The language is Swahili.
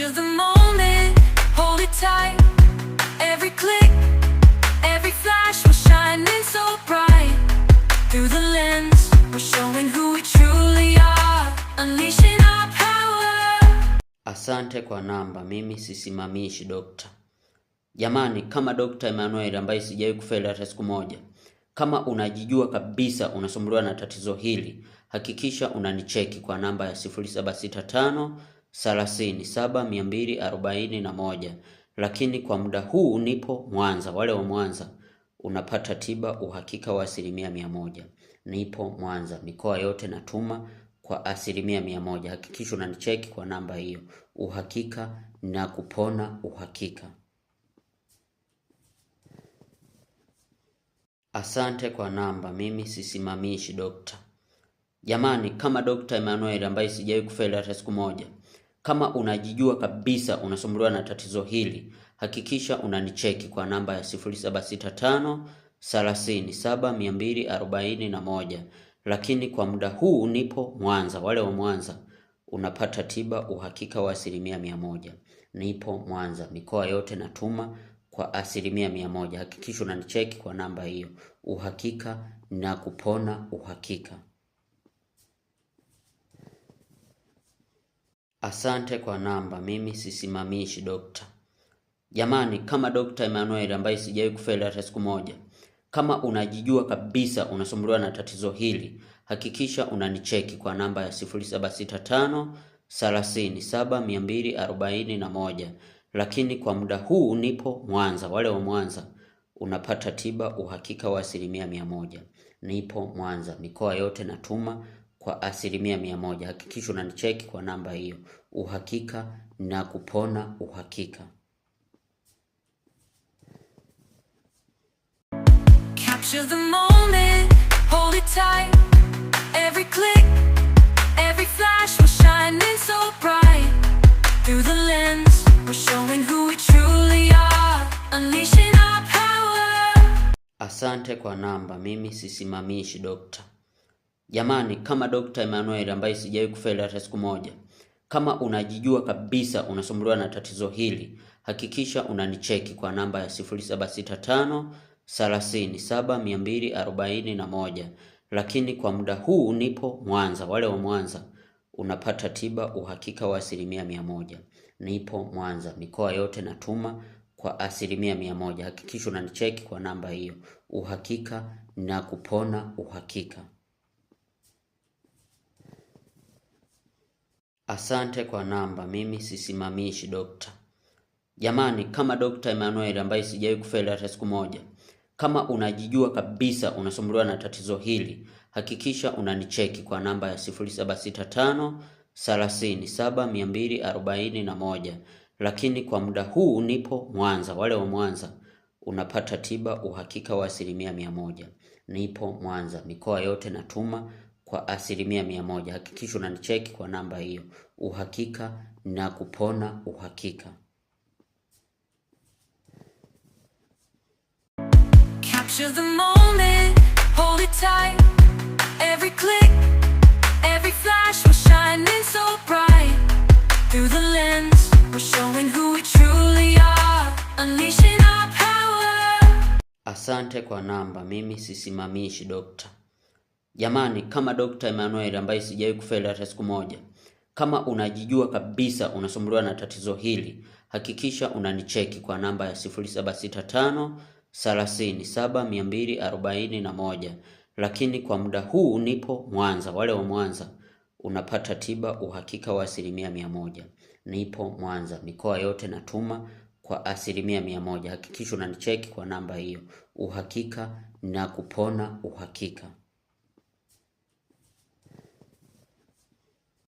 rush the moment, hold it tight. Every click, every flash was shining so bright. Through the lens, we're showing who we truly are, unleashing our power. Asante kwa namba, mimi sisimamishi dokta. Jamani, kama Dokta Emmanuel ambaye sijawahi kufeli hata siku moja, kama unajijua kabisa unasumbuliwa na tatizo hili, hakikisha unanicheki kwa namba ya 0765 thelathini saba mia mbili arobaini na moja lakini kwa muda huu nipo Mwanza. Wale wa Mwanza unapata tiba uhakika wa asilimia mia moja. Nipo Mwanza, mikoa yote natuma kwa asilimia mia moja. Hakikisha unanicheki kwa namba hiyo, uhakika na kupona uhakika. Asante kwa namba, mimi sisimamishi dokta. Jamani, kama Dokta Emmanuel ambaye sijawahi kufeli hata siku moja. Kama unajijua kabisa unasumbuliwa na tatizo hili, hakikisha unanicheki kwa namba ya 0765 Lakini kwa muda huu nipo Mwanza, wale wa Mwanza unapata tiba uhakika wa asilimia mia moja. Nipo Mwanza, mikoa yote natuma kwa asilimia mia moja. Hakikisha unanicheki kwa namba hiyo, uhakika na kupona uhakika. Asante kwa namba, mimi sisimamishi dokta. Jamani, kama Dokta Emmanuel ambaye sijawahi kufeli hata siku moja, kama unajijua kabisa unasumbuliwa na tatizo hili, hakikisha unanicheki kwa namba ya 0765 30 Lakini kwa muda huu nipo Mwanza, wale wa Mwanza unapata tiba uhakika wa asilimia mia moja. Nipo Mwanza, mikoa yote natuma kwa asilimia mia moja. Hakikisha unanicheki kwa namba hiyo, uhakika na kupona uhakika. Capture the moment, hold it tight. Every click, every flash, so bright. Through the lens, we're showing who we truly are. Unleashing our power. Asante kwa namba, mimi sisimamishi dokta. Jamani, kama Dr. Emmanuel ambaye sijawahi kufeli hata siku moja, kama unajijua kabisa unasumbuliwa na tatizo hili, hakikisha unanicheki kwa namba ya 0765 Lakini kwa muda huu nipo Mwanza, wale wa Mwanza unapata tiba uhakika wa asilimia mia moja. Nipo Mwanza, mikoa yote natuma kwa asilimia mia moja. Hakikisha unanicheki kwa namba hiyo, uhakika na kupona uhakika. Asante kwa namba, mimi sisimamishi dokta. Jamani, kama Dokta Emmanuel ambaye sijawahi kufeli hata siku moja, kama unajijua kabisa unasumbuliwa na tatizo hili, hakikisha unanicheki kwa namba ya 0765 Lakini kwa muda huu nipo Mwanza, wale wa Mwanza unapata tiba uhakika wa asilimia mia moja. Nipo Mwanza, mikoa yote natuma kwa asilimia mia moja. Hakikisha unanicheki kwa namba hiyo, uhakika na kupona uhakika. Capture the moment, hold it tight. Every click, every flash, so bright. Through the lens, we're showing who we truly are. Unleashing our power. Asante kwa namba, mimi sisimamishi dokta. Jamani, kama Dr. Emmanuel ambaye sijawahi kufeli hata siku moja, kama unajijua kabisa unasumbuliwa na tatizo hili, hakikisha unanicheki kwa namba ya 0765 37241. Lakini kwa muda huu nipo Mwanza, wale wa Mwanza unapata tiba uhakika wa asilimia mia moja. Nipo Mwanza, mikoa yote natuma kwa asilimia mia moja. Hakikisha unanicheki kwa namba hiyo, uhakika na kupona uhakika.